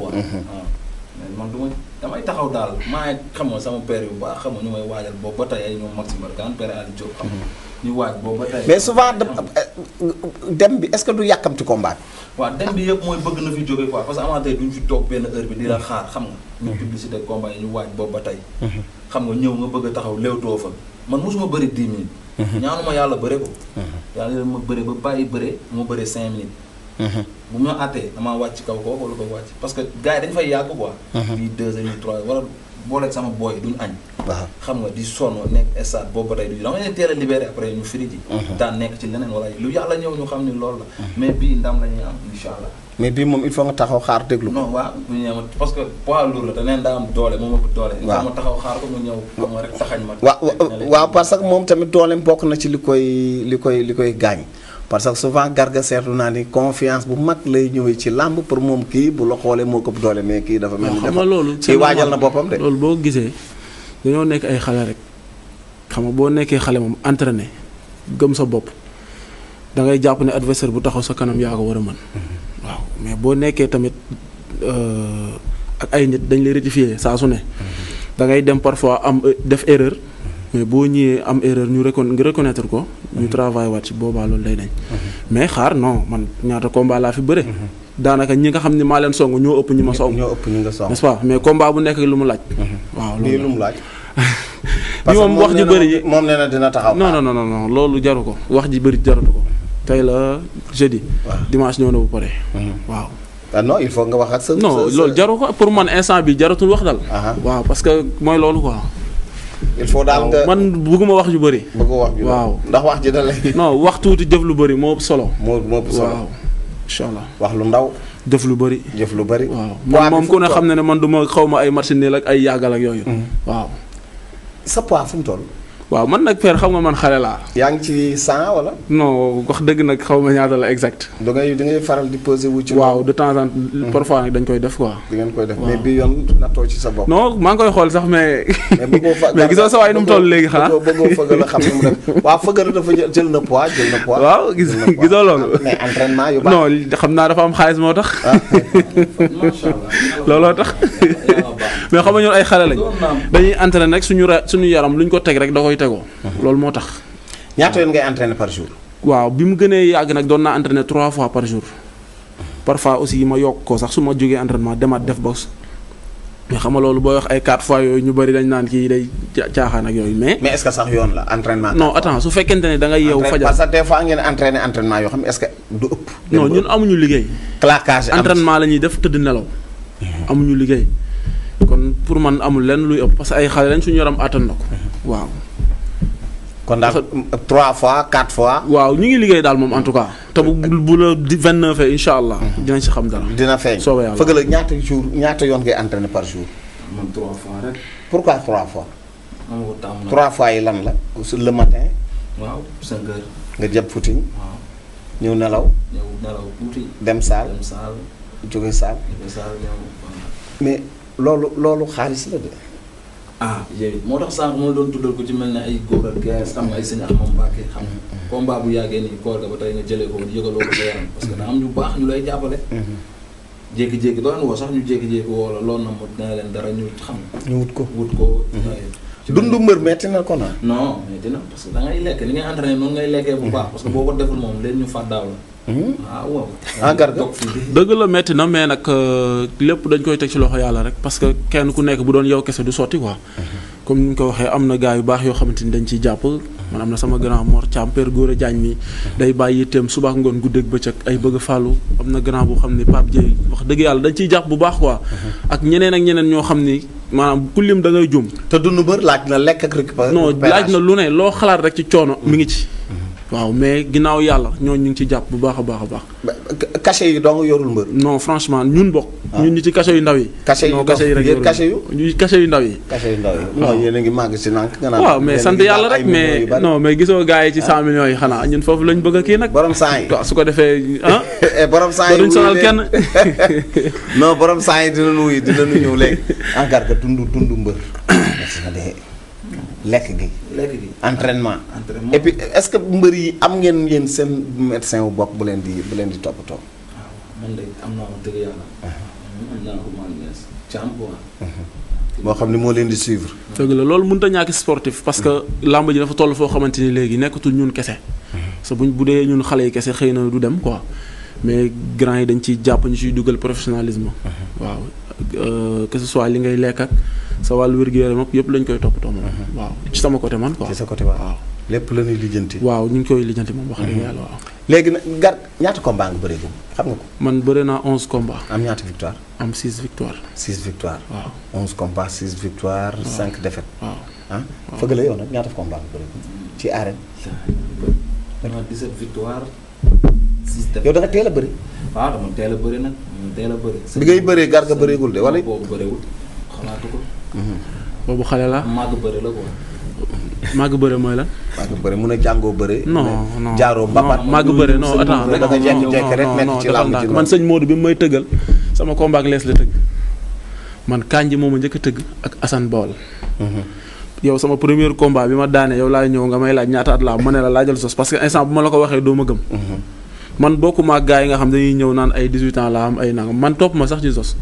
waaw mhm. ah. mais man du ma damay taxaw daal maa xam nga sama père yu baa xam nga ñu may waajal boobu ba tey ay ñoom Maxime Bergan père Aliou ñu mhm. waaj boobu ba tey. mais souvent euh, dem bi est-ce que du yàkkamti combat bi. waaw dem bi yëpp mooy bëgg na fi jóge quoi parce que amateur duñ fi toog benn heure bi dina la mhm. xaar xam nga. ñu publicité combat yi ñu waaj boobu ba tey. xam nga ñëw nga bëgg taxaw léewtoo fa man mosuma bëri 10 minutes. ñaanuma yàlla ba ko. yàlla ma bëre ba bàyyi bëre mu bëre 5 minutes. bu ma àttee damaa wàcc kaw ko wala ko wàcc parce que gars yi dañ fay yàgg quoi. bii uh-huh. deux sama booy duñ añ. waaw uh-huh. xam nga di sonn nekk stade boobu ba tey du da nga leen teel a libéré après ñu firi uh-huh. daan nekk ci leneen wala lu yàlla ñëw ñu xam ni lool la. mais bii ndam la am incha allah. mais bii moom il faut nga taxaw xaar déglu. non waaw bu ñu nee que poids lourd la te neen daa am doole moom ëpp doole. mu ñëw. ma. waaw waaw parce que moom tamit dooleem bokk na ci li koy li koy li koy gaañ parce que souvent garga seetlu naa ni confiance bu mag lay ñëwee ci làmb pour moom kii bu la xoolee moo këpp doole mais kii dafa mel ni dafa loolu kii waajal na boppam de loolu boo gisee dañoo nekk ay xale rek xam nga boo nekkee xale moom entraîné gëm sa bopp da ngay jàpp ne adversaire bu taxaw sa kanam yaa ko war a mën mm-hmm. waaw mais boo nekkee tamit euh, ak ay nit dañ lay rectifier saa su ne mm-hmm. da ngay dem parfois am euh, def erreur mais boo ñëwee am erreur ñu recon nga reconnaître ko. ñu mhm. travail waat boobaa loolu lay dañ. Mhm. mais xaar no man ñaata combat laa fi bëre. Mhm. daanaka ñi nga xam ne maa leen song ñoo ëpp ñu ma song. ñoo ëpp ñi nga song n'est-ce pas mais combat bu nekk lu mu loolu lu mu laaj. parce que wax ji bëri moom nee na dina taxaw. non non non loolu jaru ko wax ji bëri jaratu ko tey la jeudi. dimanche ñëw na bu pare. waaw. ah non il faut nga wax ak sa. non loolu jaru ko pour man instant bi jaratul wax dal. waaw parce que mooy loolu quoi. il faut daal nga man bëgguma wax yu bëri. bëgguma wax ju waaw ndax wax ji da lay. non wax tuuti jëf lu bëri moo solo. moo moo ëpp solo waaw incha allah. wax lu ndaw. dëf lu bëri. jëf lu bari waaw man moom ku ne xam na ne man du ma xaw ma ay machine ak ay yàggal ak yooyu. Mm-hmm. waaw. sa poids fu mu waaw man nag père xam nga man xale laa. yaa ngi ci 100 wala. wax dëgg nag xaw ma ñaata la exact. da ngay da ngay faral di posé wu ci. waaw de mm-hmm. dañ koy def quoi. di koy def mais bi yoon nattoo ci sa bopp. non maa ngi koy xool sax mais. mais gisoo sa waay nu mu toll léegi xanaa. bëggoo fëgal a xam waaw dafa jël na poids jël na poids. waaw gis gisoo loolu. Ah, mais entraînement yu baax. xam naa dafa am xaalis moo tax. Ah, looloo tax. mais xam nga ñun ay xale lañ. dañuy entraîné rek suñu ra suñu yaram luñ ko teg rek da koy tegoo. loolu moo tax. ñaata yoon ngay entraîner par jour. waaw bi mu gënee yàgg nag doon naa entraîner trois fois par jour. parfois aussi ma yokk ko sax su ma jógee entraînement demaat def box. mais xam loolu booy wax ay fois yooyu ñu bëri dañ naan kii day caaxaan ak yooyu mais. mais la entraînement. non attends su fekkente ne da ngay yeewu. fajar parce que des fois ngeen entraîné entraînement yoo xam est ce que du ëpp. non ñun amuñu liggéey. claquage entraînement la ñuy liggéey. kon pour man amul lenn luy ëpp parce que ay xale lañ suñu yaram àttan ko mhm. waaw. kon daal trois fois quatre fois. waaw ñu ngi liggéey daal moom en tout cas. te bu bu la vingt neuf et incha allah. Mhm. dinañ si xam dara. dina fee soobee yàlla fëgg la ñaata jour ñaata yoon ngay entraîné par jour. man trois fois trois fois. trois fois yi lan la. le matin. waaw cinq nga jàpp footing. ñëw nelaw. ñëw dem saal dem saal. mais loolu loolu xaalis la de. ah yooyu moo tax sànq moo doon tuddal ko ci mel ni ay góor ak gaz xam ay sëñ Ahmad Mbacké xam mm-hmm. combat bu yàggee nii koor ga ba tey nga jëlee ko yëgaloo ko sa yaram parce que da am ñu baax ñu lay jàppale mm-hmm. jékki-jékki doon woo sax ñu jékki-jékki woo la loolu na mu dina leen dara ñu xam ñu wut ko wut ko mm-hmm. dundu mbër metti na ko naa. non mais dina parce que da ngay lekk li ngay entraîné noonu ngay lekkee bu baax parce boo ko deful moom leen ñu fàddaaw la. Hmm? ah waaw. Ah, dëgg la métti na mais nag euh, lépp dañ koy teg ci loxo yàlla rek parce que kenn ku nekk bu doon yow kese du sotti quoi. Hmm. comme nu ñu ko waxee am na gars yu baax yoo xamante ni dañ ciy jàpp. man am na sama grand Mor Thiam Père Gora Diagne mi day bàyyi yitteem suba ak ngoon guddeeg bëccëg ay bëgg a fàllu am na grand bu xam ni Pape Dieye wax dëgg yàlla dañ ciy jàpp bu baax quoi. ak ñeneen ak ñeneen ñoo xam ni maanaam ku lim da ngay jum. te nu bër laaj na lekk ak récupération non laaj na lu ne loo xalaat rek ci coono mi ngi ci. Mhm. waaw mais ginnaaw yàlla ñoo ñu ngi ci jàpp bu baax a baax a baax. cachet yi dong yorul mbër. no franchement ñun bokk. ñun ñu ci kaso yu ndaw yi. kaso yu ndaw yéen kaso yu ñu kaso yu ndaw yi. kaso yu ndaw yi ah. non yéen a ngi màgg si nànk nga naan waaw mais sant yàlla rek mais non mais gisoo gars yi ci 100 millions yi xanaa ñun foofu lañ bëgg a kii nag. borom saa yi waaw su ko defee ah. Eh, borom saa yi duñ sonal kenn. non borom saa yi dinañu wuyu dinañu ñëw léegi. ANCAR ka tundu tundu mbër. lekk gi. lekk gi entraînement. entraînement et puis est-ce que mbër yi am ngeen yéen seen médecin wu bopp bu leen di bu leen di toppatoo. waaw ah, man de am naa dëgg yàlla. Ah. moo xam ni moo leen di suivre. dëgg la loolu mënut a ñàkk sportif parce que làmb ji dafa toll foo xamante ni léegi nekkatul ñun kese. parce que buñ bu dee ñun xale yi kese xëy na du dem ko mais grand yi dañ ciy jàpp ñu ciy dugal professionnalisme. waaw euh, que ce soit li ngay lekk ak sa wàllu wér-gu-yaram yëpp lañ koy toppatoo. Mhm. waaw ci sama côté man quoi ci waaw. lépp la ñuy lijjanti. waaw ñu ngi koy lijjanti moom wax dëgg mhm. yàlla waaw. léegi nag gar ñaata combat nga bëree gum xam nga ko. man bëri naa onze combats. am ñaata victoire. am six victoire. six victoire. waaw onze combats six victoire. waaw cinq défaites. waaw ah fëgg la yow nag ñaata combat nga bëree gum ci arène. dama 17 victoire. yow da nga teel a bëri. bëri nag dama teel a bëri. bi ngay bëree gar nga bëreegul de wala. boobu bëreewul xalaatu ko. Mhm. boobu xale la. màgg la quoi. màgg bëre mooy lan. màgg bëre mun a jàngoo bëre. non non jaaroo màgg bëre non attends rek non man sëñ Modou bi mu may tëggal sama combat lees la tëgg man Kanji moom a njëkk tëgg ak Assane Baol. Mhm. yow sama premier combat bi ma daane yow laay ñëw nga may laaj ñaata at laa ma ne la laajal sos parce que instant bu ma la ko waxee doo ma gëm. Mhm. man bokkuma ak gars nga xam dañuy ñëw naan ay 18 ans laa am ay nangam man topp ma sax ci sos.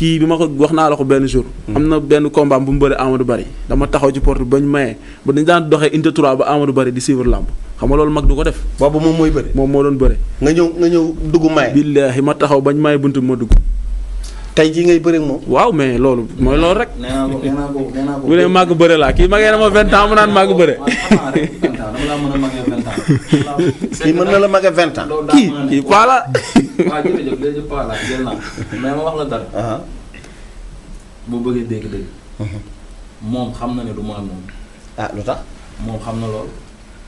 kii bi ma ko wax naa la ko benn jour. Mm. am na benn combat bu mu bëri Amadou Bari dama taxaw ci porte bañ maye ba dañu daan doxee inte 3 ba Amadou Bari di suivre làmb xam loolu mag du ko def. boobu moom mooy bëri. moom moo doon bëri. nga ñëw nga ñëw dugg maye. billaahi ma taxaw ba bañ maye buntu ma dugg. tey jii ngay bëri moom. waaw mais loolu mooy loolu rek. nee naa ko nee naa ko nee naa ko. bu dee màgg laa kii magee na ma vingt ans mu naan bëre. Ah, kii mën na la mag a vingt ans. kii kii paa la. la jël naa mais ma wax la dara. boo bëggee dégg-dégg. Mhm. moom xam na ne du ma ak moom. ah lu tax. moom xam na loolu.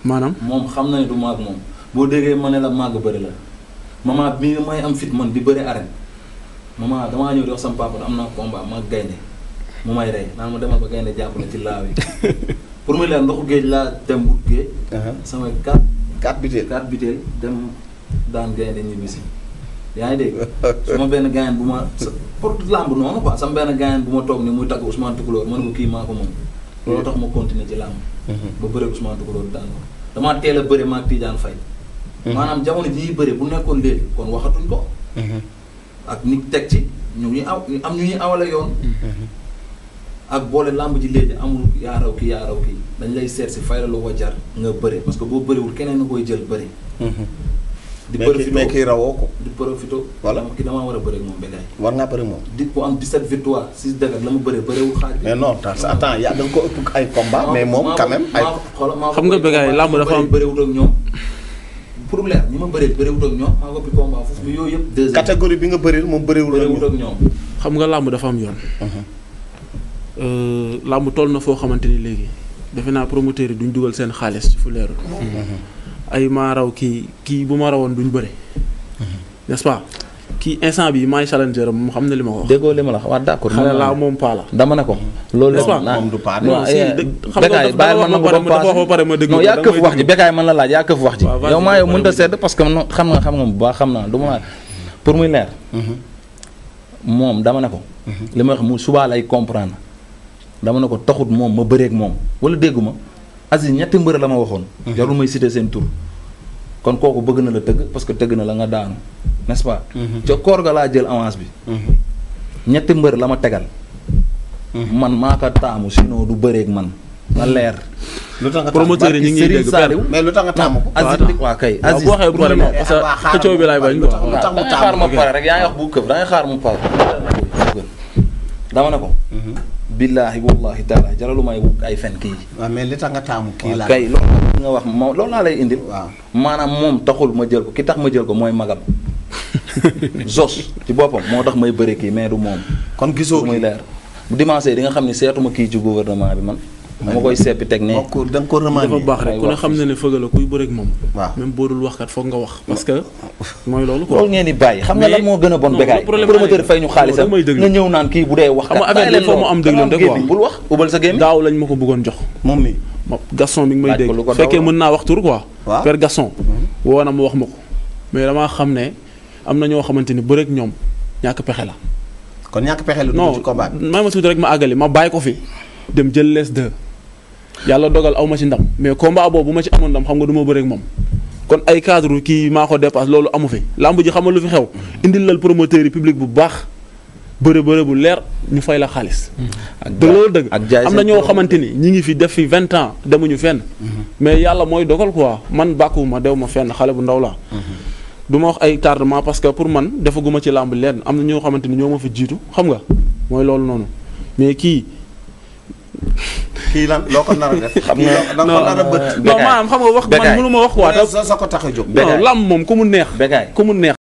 maanaam moom xam na ne du ma ak moom boo déggee ma ne la màgg bëri la maman bi may am fit man di bëri arène maman damaa ñëw di wax sama papa am na combat ma gaynde mu may rey naan ma demal ba gaynde jàpp na ci laaw yi pour mu leer ndoxu géej laa dem géej. sama kàddu. quatre butéel quatre butéel dem daan gaynde ñibbi si yaa ngi dégg sama benn gaynde bu ma pour làmb noonu quoi sama benn gaynde bu ma toog ni muy tagg Ousmane Toucouleur ma ne ko kii maa ko moom hmm. loolu tax ma continuer ci làmb hmm. ba bëre Ousmane Toucouleur daan ko damaa teel a bëre maag Tidiane Faye hmm. maanaam jamono ji ñuy bëre bu nekkoon léegi kon waxatuñ ko ak ni teg ci ñu ngi aw am ñu ñuy awala yoon ak boole làmb ji léegi amul yaaraw kii yaaraw kii dañ lay seet si fay la lu ko jar nga bëri parce que boo bëriwul keneen nga koy jël bëri. Mhm. di profito mais kii rawoo ko. di profito. voilà ki damaa war a bëri moom war ngaa bëri moom. di bu am 17 victoire 6 défaites la mu bëree bëriwul xaaj. mais non attends moom quand même ay. xam nga bëggaay làmb dafa am bëriwul ak ñoom. pour ñi ma bëree bëriwul ak ñoom maa ko ëpp combat foofu yooyu bi nga bëril moom bëriwul ak ñoom. xam nga làmb dafa am yoon. Mhm. Euh, làmb toll na foo xamante ni léegi defe naa promoteurs yi duñ dugal seen xaalis ci fu leerul. Mhm. ay maa raw kii kii bu ma rawoon duñ bëri mhm. n'est-ce pas kii instant bi maay challenger am xam na ma ko wax. déggoo li ma la wax waaw d'accord. xale laa moom paa la. dama ne ko. loolu la moom du paa ko doon ma dégg. non yaa wax ji Bécaye man la laaj yaa këf wax ji. yow maa a sedd parce xam nga xam nga xam naa du ma pour muy leer. Mhm. dama ne ko. li ma wax mu subaa lay comprendre. dama ne ko taxut moom ma bëreeg moom wala déggu ma Aziz ñetti mbër la ma waxoon. Mhm. jarul may citer seen tur. kon kooku bëgg na la tëgg parce que tëgg na la nga daanu n'est-ce pas. Mhm. ga laa jël avance bi. Mhm. ñetti mbër la ma tegal. man maa ko taamu sinon du bëreeg man na leer. lu tax nga promoteur yi ñu ngi dégg mais lu tax nga taamu ko. Aziz waa kay Aziz bu waxee bu pare parce que xëccoo bi laay bañ. lu tax mu taamu xaar ma pare. dama ne ko. billaahi wallaahi taala jaraluma ay fen kii. waaw mais li tax nga taamu kii laa. kay loolu nga wax moom loolu laa lay indil. waaw maanaam moom taxul ma jël ko ki tax ma jël ko mooy magam. Zos ci boppam moo tax may bëri kii mais du moom. kon gisoo muy leer. bu dimanche di nga xam ne seetuma kii ci gouvernement bi man. dama koy seppi teg ne. da nga ko remandé dafa baax rek ku ne xam na ne fëgal kuy bëreeg moom. waaw même wax kat foog nga wax. parce que mooy loolu quoi. loolu ngeen di bàyyi xam nga lan moo gën a bon békaay. promoteur fay ñu xaalisam nga ñëw naan bu ko bëggoon jox. moom mi Gaston mi ngi may dégg bu fekkee mën naa wax tur quoi. waaw Père Gaston. Mhm. ma wax ma ko mais damaa xam ne am na ñoo xamante ni bëreeg ñoom ñàkk pexe la. kon ñàkk pexe la. non may ma tuuti rek ma àggali ma bàyyi ko fi dem jël les deux yàlla dogal aw ma ci ndam mais combat boobu bu ma ci amoon ndam xam nga du ma bëreek moom kon ay cadre kii maa ko dépasse loolu amu fi làmb ji xamal lu fi xew indil lal promoteur yi public bu baax bëre bëre bu leer ñu fay la xaalis. te loolu dëgg am na ñoo xamante ni ñi ngi fi def fi vingt ans demuñu fenn. Mhm. mais yàlla mooy dogal quoi man bàkkuwuma dew ma fenn xale bu ndaw laa. Mhm. du ma wax ay tardement parce que pour man defaguma ci làmb leen am na ñoo xamante ni ñoo ma fi jiitu xam nga mooy loolu noonu mais kii. kii lan loo ko nar a def. xam nga da nga ko nar a xam nga wax man mënu ma wax. waaw sa sa ko tax a jóg. non lam moom ku mu neex. ku mu neex.